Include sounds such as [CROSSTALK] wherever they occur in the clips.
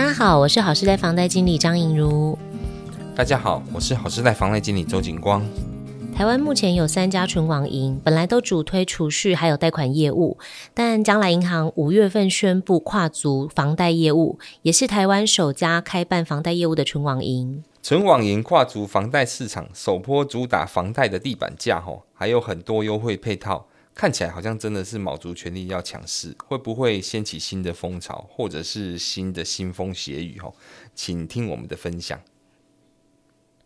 大家好，我是好事貸房貸經理張穎如。大家好，我是好事貸房貸經理周景光。台灣目前有三家純網銀，本來都主推儲蓄還有貸款業務，但將來銀行五月份宣布跨足房貸業務，也是台灣首家開辦房貸業務的純網銀。純網銀跨足房貸市場，首波主打房貸的地板價，吼，還有很多優惠配套。看起來好像真的是卯足全力要搶市，會不會掀起新的風潮，或者是新的腥風血雨？哦，請聽我們的分享。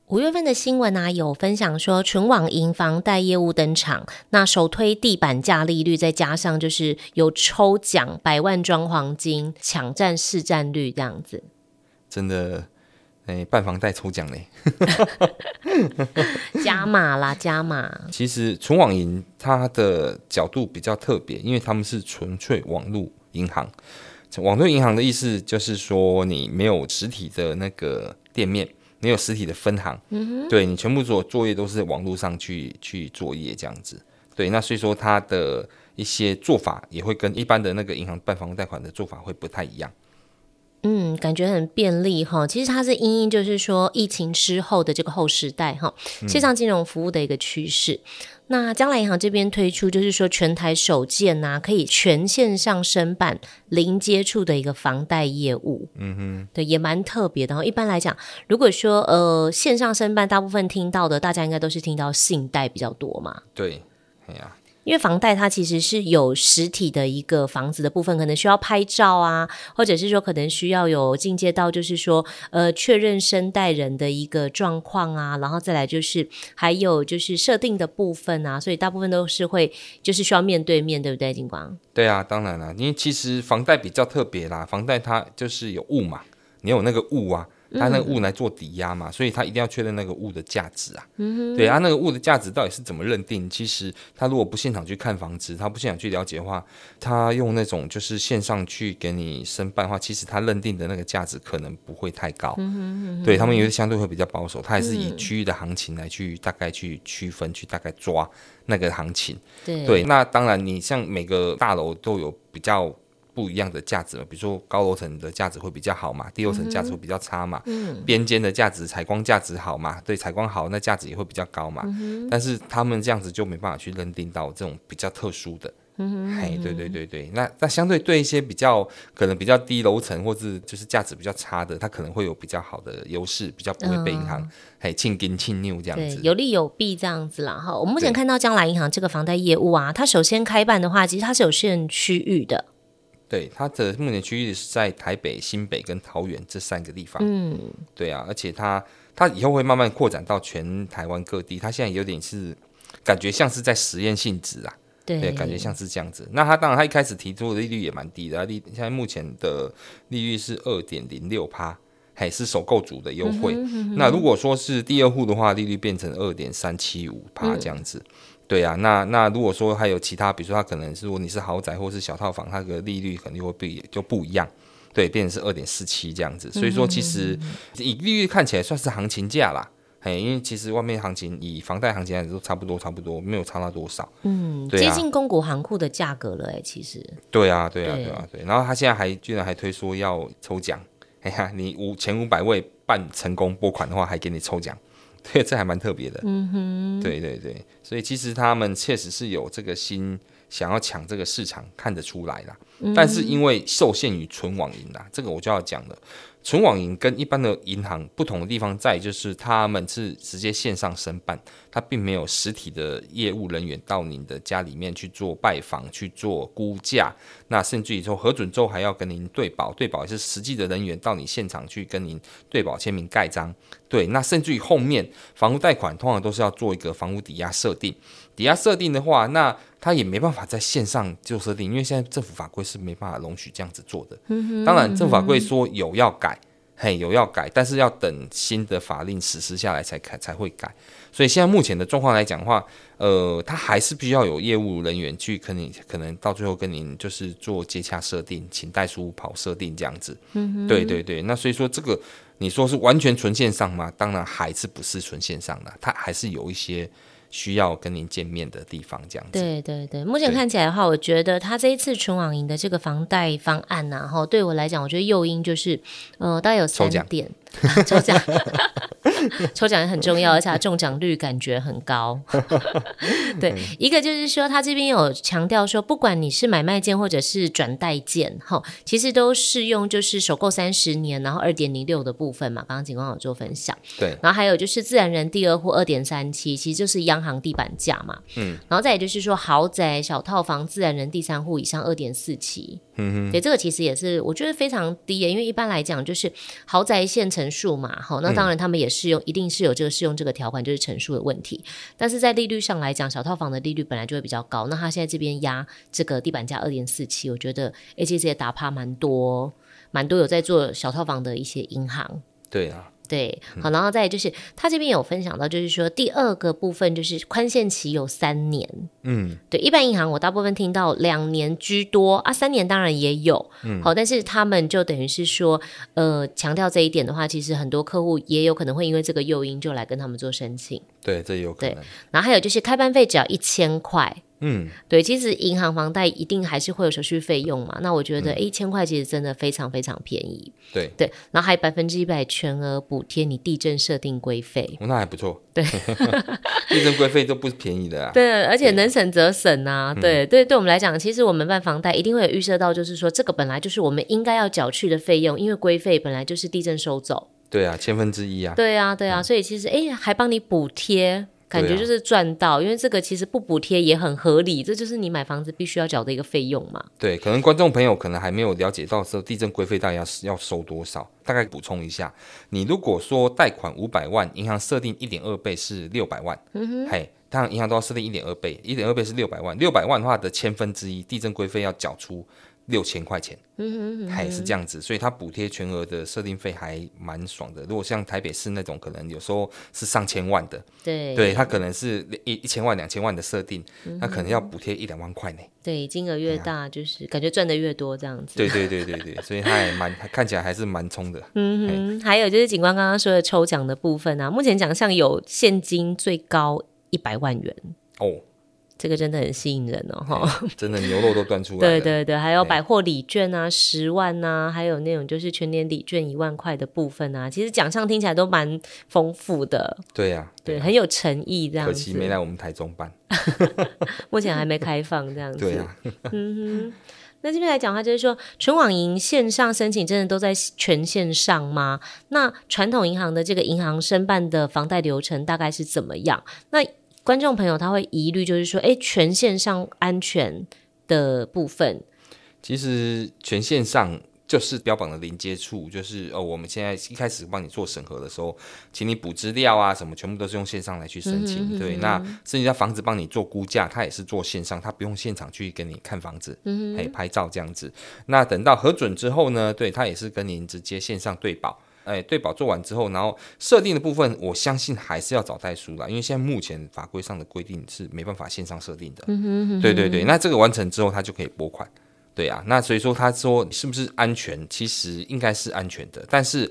五月份的新聞啊，有分享說，純網銀房貸業務登場，那首推地板價利率，再加上就是有抽獎百萬裝黃金，搶占市占率這樣子，真的。哎、欸，辦房貸抽獎嘞， [LAUGHS] [LAUGHS] 加碼啦，加碼。其實純網銀它的角度比較特別，因為他們是純粹網絡銀行。網絡銀行的意思就是說，你沒有實體的那個店面，沒有實體的分行，嗯、哼對，你全部做作業都是網絡上去去作業這樣子。對，那所以說它的一些做法也會跟一般的那個銀行辦房貸款的做法會不太一樣。嗯，感覺很便利哈。其實它是因應就是說疫情之後的這個後時代哈，嗯、線上金融服務的一個趨勢。那將來銀行這邊推出就是說全台首件吶、啊，可以全線上申辦零接觸的一個房貸業務。嗯哼，對，也蠻特別的。一般來講，如果說呃線上申辦，大部分聽到的大家應該都是聽到信貸比較多嘛。對，哎呀。因為房貸它其實是有實體的一個房子的部分，可能需要拍照啊，或者是說可能需要有進階到就是說呃確認申貸人的一個狀況啊，然後再來就是還有就是設定的部分啊，所以大部分都是會就是需要面對面，對不對？金光？對啊，當然了，因為其實房貸比較特別啦，房貸它就是有物嘛，你有那個物啊。他那個物來做抵押嘛，所以他一定要確認那個物的價值啊。嗯哼，對，他、啊、那個物的價值到底是怎麼認定？其實他如果不現場去看房子，他不現場去了解的話，他用那種就是線上去給你申辦的話，其實他認定的那個價值可能不會太高。嗯哼嗯哼，對，他們有些相對會比較保守，他還是以區域的行情來去大概去區分，去大概抓那個行情。對，對，那當然你像每個大樓都有比較。不一樣的價值嘛，比如說高樓層的價值會比較好嘛，低樓層價值會比較差嘛。嗯，嗯，邊間的價值採光價值好嘛，對，採光好那價值也會比較高嘛。嗯、哼但是他們這樣子就沒辦法去認定到這種比較特殊的。嗯哼。嘿，對對對對，那那相對對一些比較可能比較低樓層或是就是價值比較差的，它可能會有比較好的優勢，比較不會被銀行、嗯、嘿清跟清扭這樣子，有利有弊這樣子啦哈。我們目前看到將來銀行這個房貸業務啊，對它首先開辦的話，其實它是有限區域的。對，它的目前區域是在台北、新北跟桃園這三個地方。嗯,嗯，對啊，而且它它以後會慢慢擴展到全台灣各地。它現在有點是感覺像是在實驗性質啊，對,對，感覺像是這樣子。那他當然，他一開始提出的利率也蠻低的、啊，利現在目前的利率是二點零六趴，還是首購族的優惠。嗯、哼哼。那如果說是第二戶的話，利率變成二點三七五趴這樣子。嗯對呀、啊，那那如果說還有其他，比如說他可能是如果你是豪宅或是小套房，它的利率肯定會不就不一樣，對，變成是二點四七這樣子。所以說其實以利率看起來算是行情價啦，哎、嗯嗯嗯嗯，因為其實外面行情以房貸行情還差不多差不多，差不多，沒有差到多少。嗯，啊、接近公股行庫的價格了哎、欸，其實對、啊。對啊，對啊，對啊，對。然後他現在還居然還推說要抽獎，哎呀，你五前五百位辦成功撥款的話，還給你抽獎。對，這還蠻特別的。嗯、哼對對對，所以其實他們確實是有這個心想要搶這個市場，看得出來啦、嗯、哼但是因為受限於純網銀啦，這個我就要講了。純網銀跟一般的銀行不同的地方在，就是他們是直接線上申辦，他並沒有實體的業務人員到您的家裡面去做拜訪、去做估價。那甚至於說核准之後，還要跟您對保，對保也是實際的人員到你現場去跟您對保簽名蓋章。對，那甚至於後面房屋貸款通常都是要做一個房屋抵押設定。抵押設定的話，那他也沒辦法在線上就設定，因為現在政府法規是沒辦法容許這樣子做的。嗯哼。當然，政府法規說有要改，嗯哼。嘿，有要改，但是要等新的法令實施下來才開才會改。所以現在目前的狀況來講的話，呃，他還是必須要有業務人員去跟你，可能到最後跟您就是做接洽設定，請代書跑設定這樣子。嗯哼。對對對，那所以說這個你說是完全純線上嗎？當然還是不是純線上的，他還是有一些。需要跟您見面的地方，這樣子。對對對，目前看起來的話，對我覺得他這一次純網銀的這個房貸方案吶、啊，對我來講，我覺得誘因就是，呃，大概有三點。就這樣抽獎也很重要，而且中獎率感覺很高。 [LAUGHS] 對，一個就是說，他這邊有強調說，不管你是買賣件或者是轉貸件，哈，其實都是用，就是首購三十年，然後二點零六的部分嘛。剛剛景光有做分享，對。然後還有就是自然人第二戶二點三七，其實就是央行地板價嘛。嗯。然後再也就是說，豪宅小套房自然人第三戶以上二點四七。嗯哼。對，這個其實也是我覺得非常低，因為一般來講就是豪宅現成數嘛，哈。那當然他們也是、嗯。一定是有這個適用這個條款，就是成數的問題。但是在利率上來講，小套房的利率本來就會比較高。那他現在這邊壓這個地板價二點四七，我覺得 HJ 也打趴蠻多，蠻多有在做小套房的一些銀行。對啊。對，好，然後再就是他這邊有分享到，就是說第二個部分就是寬限期有三年，嗯，對，一般銀行我大部分聽到兩年居多啊，三年當然也有，嗯，好，但是他們就等於是說，呃，強調這一點的話，其實很多客戶也有可能會因為這個誘因就來跟他們做申請。對，這也有可能。對，然後還有就是開辦費只要一千塊，嗯，對，其實銀行房貸一定還是會有手續費用嘛。那我覺得，一千塊其實真的非常非常便宜。嗯、對對，然後還百分之一百全額補貼你地政設定規費，哦，那還不錯。對， [LAUGHS] [LAUGHS] 地政規費都不便宜的、啊。對，而且能省則省啊。對、嗯、對，對我們來講，其實我們辦房貸一定會有預設到，就是說這個本來就是我們應該要繳去的費用，因為規費本來就是地政收走。對啊，千分之一啊！對啊，對啊，所以其實哎、欸，還幫你補貼，感覺就是賺到，啊、因為這個其實不補貼也很合理，這就是你買房子必須要繳的一個費用嘛。對，可能觀眾朋友可能還沒有了解到說地政規費大概要要收多少，大概補充一下，你如果說貸款五百萬，銀行設定一點二倍是六百萬，嗯、哼嘿，當然銀行都要設定一點二倍，一點二倍是六百萬，六百萬的話的千分之一地政規費要繳出。六千塊錢，嗯哼，嗯哼，還是這樣子，所以它補貼全額的設定費還蠻爽的。如果像台北市那種，可能有時候是上千萬的，對，對他可能是一一千萬、兩千萬的設定，他、嗯、哼可能要補貼一兩萬塊呢。對，金額越大，啊、就是感覺賺得越多這樣子。對對對對對，所以他還蠻 [LAUGHS] 看起來還是蠻衝的。嗯哼，對還有就是警官剛剛說的抽獎的部分啊，目前獎項有現金最高一百萬元哦。Oh. 這個真的很吸引人哦，真的牛肉都端出來了。 [LAUGHS] 對對對，還有百貨禮券啊，對十萬啊，還有那種就是全年禮券一萬塊的部分啊，其實獎項聽起來都蠻豐富的對、啊。對啊，對，很有誠意。這樣子，可惜沒來我們台中辦， [LAUGHS] [LAUGHS] 目前還沒開放這樣子。對、啊、 [LAUGHS] 嗯哼。那這邊來講的話，就是說純網銀線上申請真的都在全線上嗎？那傳統銀行的這個銀行申辦的房貸流程大概是怎麼樣？那觀眾朋友他會疑慮，就是說，哎，全線上安全的部分，其實全線上就是標榜的零接觸，就是哦，我們現在一開始幫你做審核的時候，請你補資料啊，什麼全部都是用線上來去申請，嗯哼嗯哼，對，那甚至在房子幫你做估價，他也是做線上，他不用現場去給你看房子，哎、嗯哼，拍照這樣子，那等到核准之後呢，對，他也是跟您直接線上對保。哎，對保做完之後，然後設定的部分，我相信還是要找代書了，因為現在目前法規上的規定是沒辦法線上設定的。嗯哼嗯哼，對對對，那這個完成之後，他就可以撥款。對呀，啊，那所以說，他說是不是安全？其實應該是安全的，但是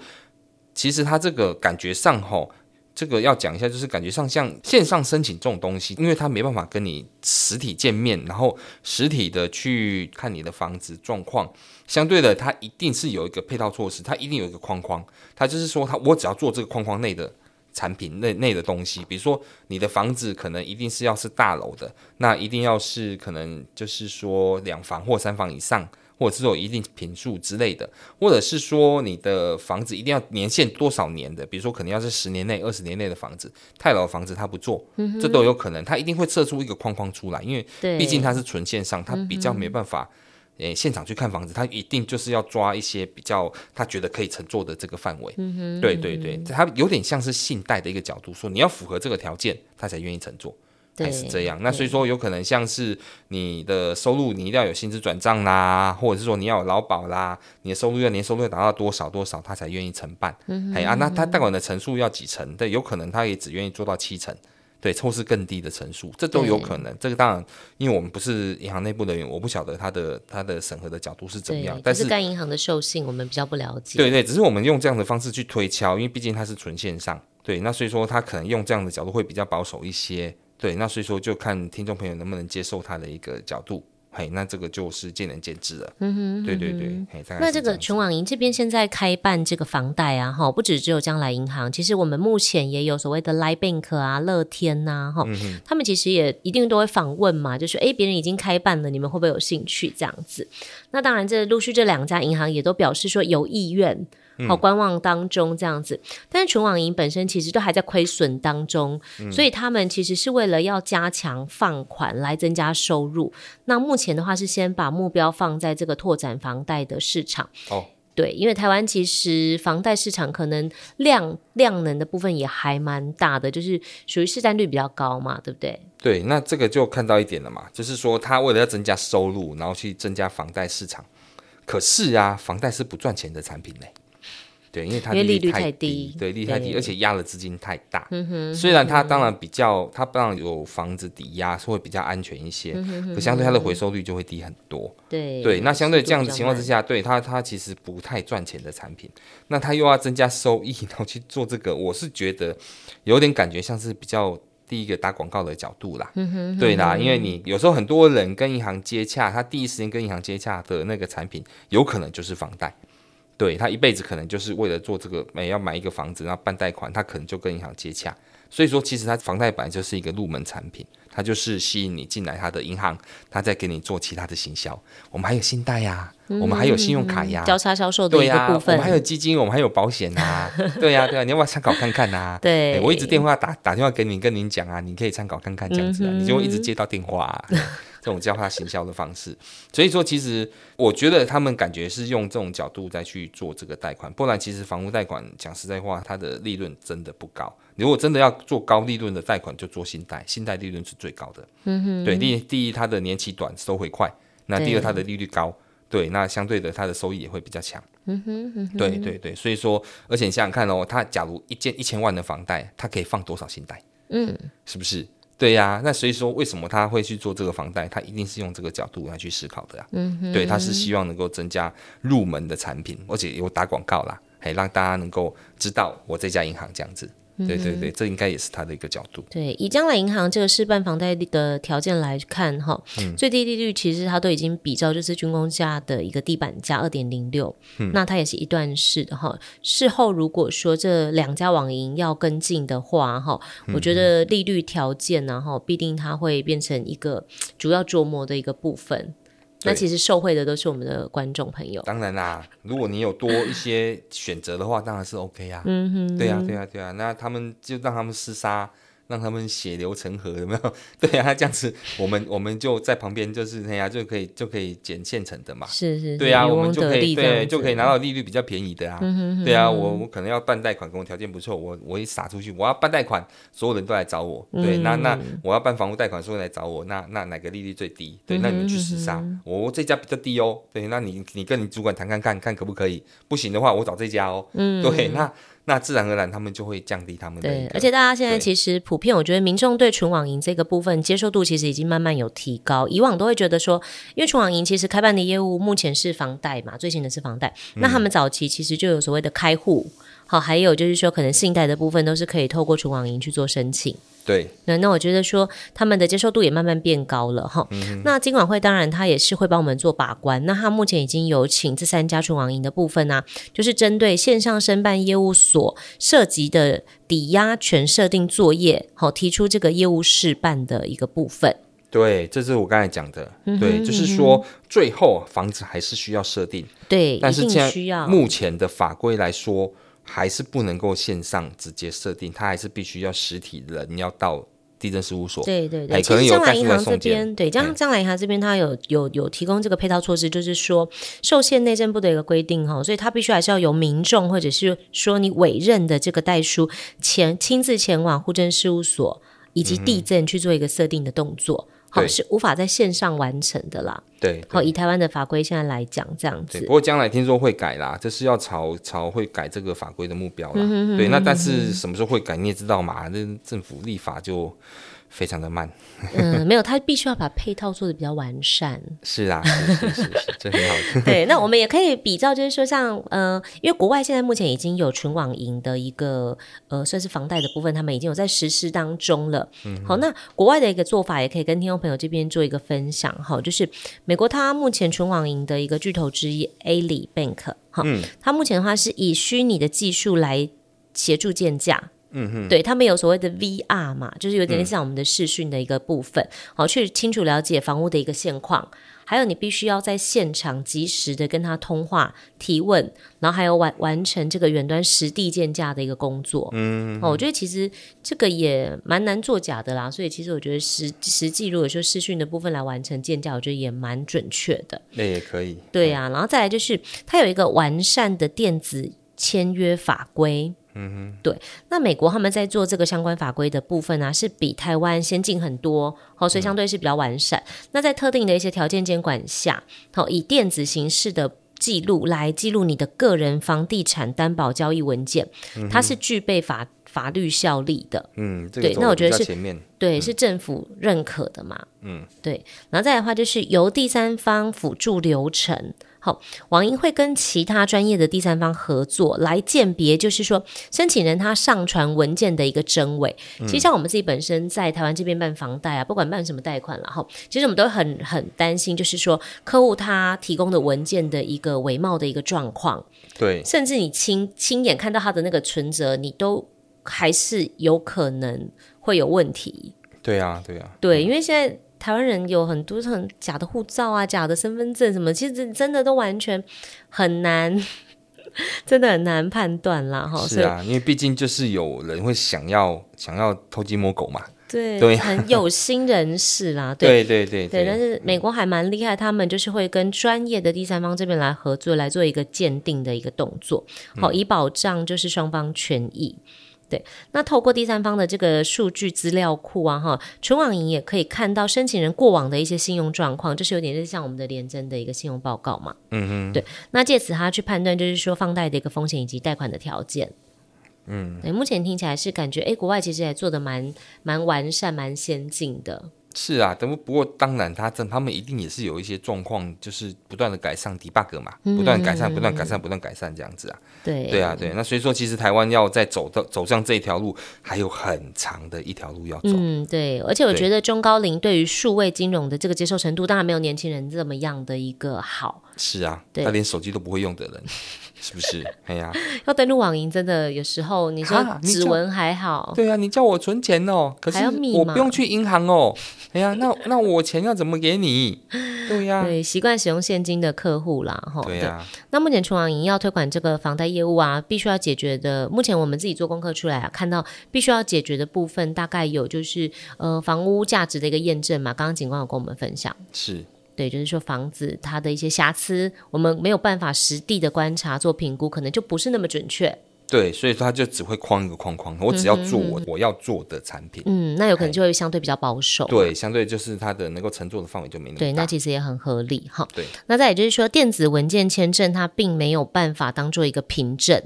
其實他這個感覺上吼。這個要講一下，就是感覺上像，像線上申請這種東西，因為他沒辦法跟你實體見面，然後實體的去看你的房子狀況。相對的，他一定是有一個配套措施，他一定有一個框框，他就是說他我只要做這個框框內的產品內內的東西，比如說你的房子可能一定是要是大樓的，那一定要是可能就是說兩房或三房以上。或者是有一定坪數之類的，或者是說你的房子一定要年限多少年的，比如說可能要是十年內、二十年內的房子，太老的房子他不做，嗯、哼這都有可能，他一定會設出一個框框出來，因為畢竟他是純線上，對他比較沒辦法，誒、嗯哼欸，現場去看房子，他一定就是要抓一些比較他覺得可以承做的這個範圍，嗯、哼對對對，他有點像是信貸的一個角度，說你要符合這個條件，他才願意承做。對還是這樣，那所以說有可能像是你的收入，你一定要有薪資轉賬啦，對或者是說你要有勞保啦，你的收入要年收入要達到多少多少，他才願意承辦。哎、嗯、哼啊，嗯、哼那他貸款的成數要幾成？對，有可能他也只願意做到七成，對，或是更低的成數，這都有可能。對這個當然，因為我們不是銀行內部人員，我不曉得他的他的審核的角度是怎麼樣。對但是，是幹銀行的授信，我們比較不了解但是。對對，只是我們用這樣的方式去推敲，因為畢竟它是純線上。對，那所以說他可能用這樣的角度會比較保守一些。對，那所以說就看聽眾朋友能不能接受他的一個角度，哎，那這個就是見仁見智了。嗯哼，對對對，嗯、哼這那這個純網銀這邊現在開辦這個房貸啊，哈，不只只有將來銀行，其實我們目前也有所謂的 LINE Bank 啊、樂天吶、啊、哈、哦、嗯、哼他們其實也一定都會訪問嘛，就是哎，別人已經開辦了，你們會不會有興趣這樣子？那當然，這陸續這兩家銀行也都表示說有意願。好，觀望當中這樣子，但是純網銀本身其實都還在虧損當中，嗯、所以他們其實是為了要加強放款來增加收入。那目前的話是先把目標放在這個拓展房貸的市場。哦，對，因為台灣其實房貸市場可能量量能的部分也還蠻大的，就是屬於市占率比較高嘛，對不對？對，那這個就看到一點了嘛，就是說他為了要增加收入，然後去增加房貸市場。可是啊，房貸是不賺錢的產品嘞、欸。對，因為它利率太低，對，利率太低，而且壓的資金太大。嗯哼，雖然它當然比較，它當然有房子抵押，所以比較安全一些，可相對它的回收率就會低很多。對，對，那相對這樣子情況之下，對它它其實不太賺錢的產品，那它又要增加收益，然後去做這個，我是覺得有點感覺像是比較第一個打廣告的角度啦。嗯哼，對啦，因為你有時候很多人跟銀行接洽，他第一時間跟銀行接洽的那個產品，有可能就是房貸。對，他一輩子可能就是為了做這個、哎，要買一個房子，然後辦貸款，他可能就跟銀行接洽。所以說，其實他房貸本來就是一個入門產品，他就是吸引你進來，他的銀行，他再給你做其他的行銷。我們還有信貸呀、啊，嗯、我們還有信用卡呀、啊，交叉銷售的一個部分，對呀、啊。我們還有基金，我們還有保險啊， [LAUGHS] 對呀、啊、對呀、啊，你要不要參考看看呢、啊？對、哎，我一直電話打打電話給你，跟您講啊，你可以參考看看這樣子、啊，嗯、哼你就會一直接到電話、啊。 [LAUGHS] 這種叫它行銷的方式，所以說其實我覺得他們感覺是用這種角度再去做這個貸款。不然，其實房屋貸款講實在話，它的利潤真的不高。如果真的要做高利潤的貸款，就做信貸，信貸利潤是最高的。嗯哼嗯，對，第第一，它的年期短，收回快；那第二，它的利率高，對，對，那相對的，它的收益也會比較強。嗯哼，嗯哼，對對對，所以說，而且你想想看哦，它假如一間一千萬的房貸，它可以放多少信貸？嗯哼，是不是？對呀、啊，那所以說，為什麼他會去做這個房貸？他一定是用這個角度來去思考的呀、啊。嗯哼。對，他是希望能夠增加入門的產品，而且有打廣告啦，還讓大家能夠知道我這家銀行這樣子。對對對，嗯、這應該也是他的一個角度。對，以將來銀行這個試辦房貸的條件來看，哈，最低利率其實它都已經比照就是軍工價的一個地板價二點零六，那它也是一段式的哈。事後如果說這兩家網銀要跟進的話，哈，我覺得利率條件然、啊、哈，必定它會變成一個主要琢磨的一個部分。那其實受惠的都是我們的觀眾朋友。當然啦，如果你有多一些選擇的話， [LAUGHS] 當然是 OK 呀，啊。嗯哼、 [LAUGHS] 啊，對呀，啊，對呀，對呀，那他們就讓他們廝殺。讓他們血流成河有沒有？對啊，這樣子，我們我們就在旁邊，就是那呀、 [LAUGHS] 啊，就可以就可以撿現成的嘛。是，是是。對啊，我們就可以對、啊，樣就可以拿到利率比較便宜的啊。嗯哼嗯哼對啊，我我可能要辦貸款，跟我條件不錯，我我一撒出去，我要辦貸款，所有人都來找我。對，嗯、那那我要辦房屋貸款，所有人來找我，那那哪個利率最低？對，那你們去厮殺，嗯嗯我這家比較低哦。對，那你你跟你主管談看看看可不可以，不行的話我找這家哦。嗯，對，那。那自然而然，他們就會降低他們的。對，而且大家現在其實普遍，我覺得民眾對純網銀這個部分接受度其實已經慢慢有提高。以往都會覺得說，因為純網銀其實開辦的業務目前是房貸嘛，最新的是房貸。嗯、那他們早期其實就有所謂的開戶，好，還有就是說可能信貸的部分都是可以透過純網銀去做申請。對，那那我覺得說他們的接受度也慢慢變高了哈。嗯、那金管會當然他也是會幫我們做把關。那他目前已經有請這三家純網銀的部分呢、啊，就是針對線上申辦業務所涉及的抵押權設定作業，好，提出這個業務試辦的一個部分。對，這是我剛才講的。對，嗯哼嗯哼，就是說最後房子還是需要設定。對，但是這樣目前的法規來說。還是不能夠線上直接設定，它還是必須要實體人要到地政事務所。對對對，可能有代書行送件。對，將將來銀行這邊，它、嗯、有有有提供這個配套措施，就是說、嗯、受限內政部的一個規定哈，所以它必須還是要由民眾，或者是說你委任的這個代書前親自前往戶政事務所以及地政去做一個設定的動作。嗯好、哦、對是無法在線上完成的啦。對，好、哦、以台灣的法規現在來講，這樣子。對，不過將來聽說會改啦，這、就是要朝朝會改這個法規的目標啦。對，那但是什麼時候會改，你也知道嘛？那政府立法就。非常的慢，嗯、 [LAUGHS] 呃，沒有，他必須要把配套做的比較完善。是啊，是是是，是， [LAUGHS] 這很好。對，那我們也可以比較，就是說像，像呃，因為國外現在目前已經有純網銀的一個呃，算是房貸的部分，他們已經有在實施當中了。嗯哼，好，那國外的一個做法也可以跟聽眾朋友這邊做一個分享。好，就是美國它目前純網銀的一個巨頭之一，Ally Bank，哈，嗯，它目前的話是以虛擬的技術來協助鑑價。嗯哼，對他們有所謂的 VR 嘛，就是有點像我們的視訊的一個部分，好、嗯、去清楚了解房屋的一個現況，還有你必須要在現場及時的跟他通話提問，然後還有完完成這個遠端實地鑑價的一個工作。嗯哼哼、哦，我覺得其實這個也蠻難作假的啦，所以其實我覺得實實際如果說視訊的部分來完成鑑價，我覺得也蠻準確的。那也可以，對啊，嗯、然後再來就是它有一個完善的電子簽約法規。嗯哼，對，那美國他們在做這個相關法規的部分啊，是比台灣先進很多，好，所以相對是比較完善。嗯、那在特定的一些條件監管下，好，以電子形式的記錄來記錄你的個人房地產擔保交易文件，嗯、哼它是具備法法律效力的。嗯，這個、對，那我覺得是，對，是政府認可的嘛。嗯，對，然後再來的話就是由第三方輔助流程。好，網銀會跟其他專業的第三方合作來鑑別，就是說申請人他上傳文件的一個真偽。嗯、其實像我們自己本身在台灣這邊辦房貸啊，不管辦什麼貸款了哈，其實我們都很很擔心，就是說客戶他提供的文件的一個偽冒的一個狀況。對，甚至你親親眼看到他的那個存摺，你都還是有可能會有問題。對啊，對啊，對，因為現在。嗯台灣人有很多很假的護照啊，假的身份證什麼，其實真的都完全很難，呵呵真的很難判斷啦。哈，是啊，以因為畢竟就是有人會想要想要偷雞摸狗嘛，對對，對很有心人士啦。 [LAUGHS] 對，對，對對對，對，但是美國還蠻厲害，我他們就是會跟專業的第三方這邊來合作，來做一個鑑定的一個動作，好、嗯，以保障就是雙方權益。對，那透過第三方的這個數據資料庫啊，哈，純網銀也可以看到申請人過往的一些信用狀況，就是有點像我們的聯徵的一個信用報告嘛。嗯哼，對，那借此他去判斷，就是說放貸的一個風險以及貸款的條件。嗯，對，目前聽起來是感覺，誒，國外其實還做的蠻蠻完善，蠻先進的。是啊，但不過當然他，他這他們一定也是有一些狀況，就是不斷的改善，debug 嘛，嗯、不斷改善、嗯、不斷改善，不斷改善，不斷改善這樣子啊。對，對啊，對。那所以說，其實台灣要再走到走向這一條路，還有很長的一條路要走。嗯，對。而且我覺得中高齡對於數位金融的這個接受程度，對當然沒有年輕人這麼樣的一個好。是啊，對他連手機都不會用的人。 [LAUGHS] 是不是？哎呀、啊， [LAUGHS] 要登錄網銀真的有時候，你說指紋還好，啊還好對啊，你叫我存錢哦、喔，可是我不用去銀行哦、喔，哎呀、啊，那那我錢要怎麼給你？對呀、啊， [LAUGHS] 對習慣使用現金的客戶啦，哈，對啊對。那目前純網銀要推廣這個房貸業務啊，必須要解決的。目前我們自己做功課出來，啊，看到必須要解決的部分大概有就是呃房屋價值的一個驗證嘛，剛剛警官有跟我們分享是。也就是說，房子它的一些瑕疵，我們沒有辦法實地的觀察做評估，可能就不是那麼準確。對，所以他就只會框一個框框，我只要做我我要做的產品，嗯哼嗯哼。嗯，那有可能就會相對比較保守。對，相對就是它的能夠承作的範圍就沒那麼大。對，那其實也很合理哈。對。那再也就是說，電子文件簽證它並沒有辦法當做一個憑證。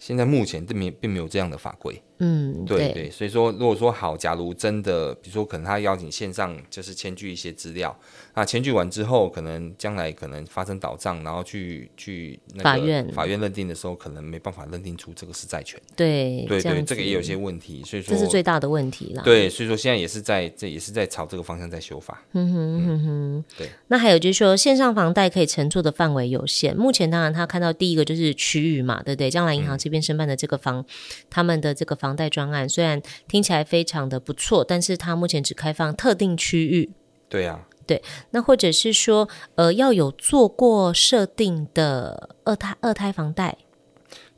現在目前並沒並沒有這樣的法規。嗯，對對，對，所以說，如果說好，假如真的，比如說可能他邀請線上就是簽具一些資料，那簽據完之後，可能將來可能發生倒賬，然後去去法院法院認定的時候，院可能沒辦法認定出這個是債權。對對對，對對，這這個也有些問題，所以說這是最大的問題了。對，所以說現在也是在這也是在朝這個方向在修法。嗯哼、哼、哼嗯哼，對。那還有就是說，線上房貸可以承作的範圍有限，目前當然他看到第一個就是區域嘛，對不對？將來銀行這邊申辦的這個房，嗯、他們的這個房。房貸專案雖然聽起來非常的不錯，但是它目前只開放特定區域。對啊，對，那或者是說，呃，要有做過設定的二胎二胎房貸，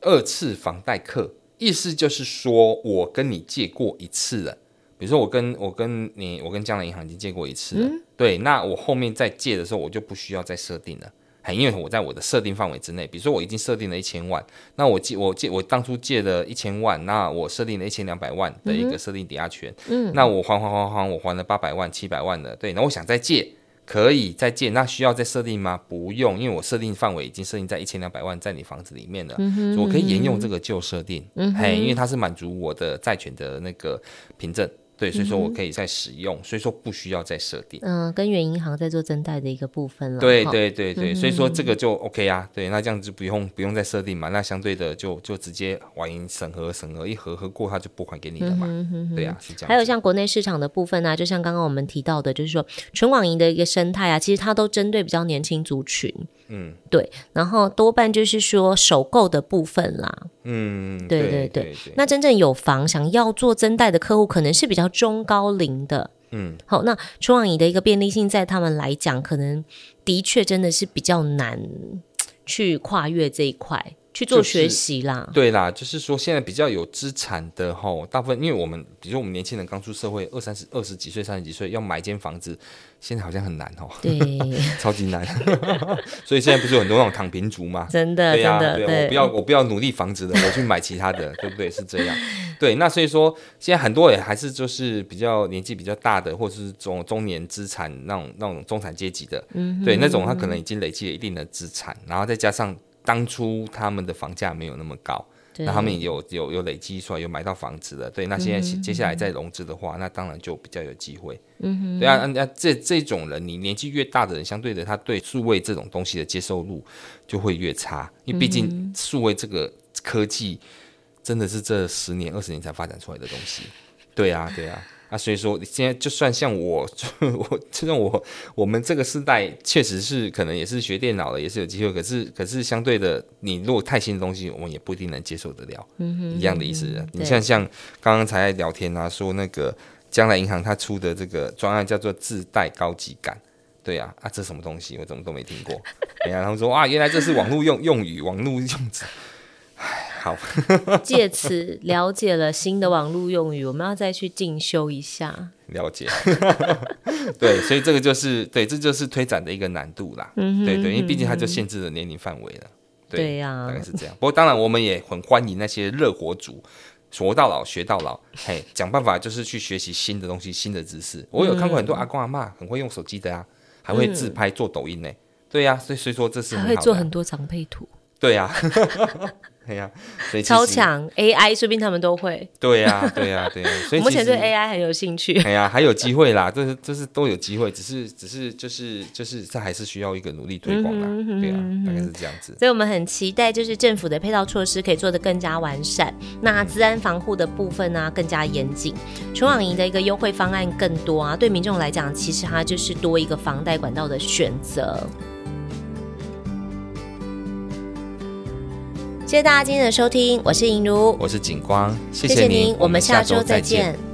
二次房貸客，意思就是說我跟你借過一次了，比如說我跟我跟你，我跟江南銀行已經借過一次了，嗯、對，那我後面再借的時候，我就不需要再設定了。因為我在我的設定範圍之內，比如說我已經設定了一千萬，那我借我借我當初借了一千萬，那我設定了一千兩百萬的一個設定抵押權，嗯，那我還還還還我還了八百萬七百萬的，對，那我想再借可以再借，那需要再設定嗎？不用，因為我設定範圍已經設定在一千兩百萬在你房子裡面了，嗯哼所以我可以沿用這個舊設定，嗯、哼嘿，因為它是滿足我的債權的那個憑證。對，所以說我可以再使用，嗯、哼所以說不需要再設定。嗯，跟原銀行在做增貸的一個部分了。對對對對，對嗯、哼所以說這個就 OK 啊。對，那這樣子就不用不用再設定嘛，那相對的就就直接網銀審核審核，審核，一核核過他就撥款給你了嘛。嗯、哼哼對呀、啊，是這樣。還有像國內市場的部分啊，就像剛剛我們提到的，就是說純網銀的一個生態啊，其實它都針對比較年輕族群。嗯，對，然後多半就是說首購的部分啦。嗯，對，對對對。對對對那真正有房想要做增貸的客戶，可能是比較。中高齡的，嗯，好，那純網銀的一個便利性，在他們來講，可能的確真的是比較難去跨越這一塊。去做學習啦，就是，對啦，就是說現在比較有資產的吼，大部分因為我們，比如說我們年輕人剛出社會，二三十、二十幾歲，三十幾歲要買一間房子，現在好像很難吼，對呵呵，超級難， [LAUGHS] 所以現在不是有很多那種躺平族嗎？真的，對呀，對，我不要，我不要努力房子了，我去買其他的， [LAUGHS] 對不對？是這樣，對，那所以說現在很多也還是就是比較年紀比較大的，或者是中中年資產那種那種中產階級的，嗯、哼對，那種他可能已經累積了一定的資產，然後再加上。當初他們的房價沒有那麼高，那對他們有有有累積出來，有買到房子的。對，那現在嗯嗯接下來再融資的話，那當然就比較有機會。嗯、哼對啊，那這這種人，你年紀越大的人，相對的他對數位這種東西的接受度就會越差，因為畢竟數位這個科技真的是這十年二十年才發展出來的東西。嗯、哼對啊，對啊。啊，所以說現在就算像我，就我這種我，我們這個世代確實是可能也是學電腦的，也是有機會，可是可是相對的，你如果太新的東西，我們也不一定能接受得了。嗯、哼一樣的意思，嗯、哼你像像剛剛才聊天啊，對說那個將來銀行他出的這個專案叫做自帶高級感，對啊，啊，這什麼東西，我怎麼都沒聽過？ [LAUGHS] 哎、然後他們說啊，原來這是網絡用用語，網絡用詞，哎。好，借 [LAUGHS] 此了解了新的網絡用語， [LAUGHS] 我們要再去進修一下。了解， [LAUGHS] 對，所以這個就是對，這就是推展的一個難度啦。嗯哼嗯哼對，對對，因為畢竟它就限制了年齡範圍了。對呀，對啊、大概是這樣。不過當然，我們也很歡迎那些熱火族，活到老學到老，嘿，想辦法就是去學習新的東西、新的知識。嗯、我有看過很多阿公阿媽很會用手機的啊，還會自拍做抖音呢。對呀、啊，所以所以說這是、啊、還會做很多長輩圖。對呀、啊。 [LAUGHS] 對呀，啊、超強 AI，說不定他們都會。對呀、啊，對呀、啊，對呀、啊啊。所以我們目前對 AI 很有興趣。哎呀、啊，還有機會啦，這是這是都有機會，只是只是就是就是這還是需要一個努力推廣啦。對呀，大概是這樣子。所以，我們很期待，就是政府的配套措施可以做得更加完善，那資安防護的部分呢、啊、更加嚴謹，純網銀的一個優惠方案更多啊，對民眾來講，其實它就是多一個房貸管道的選擇。謝謝大家今天的收聽，我是穎如，我是景光，謝謝您，謝謝您，我們下周再見。再見。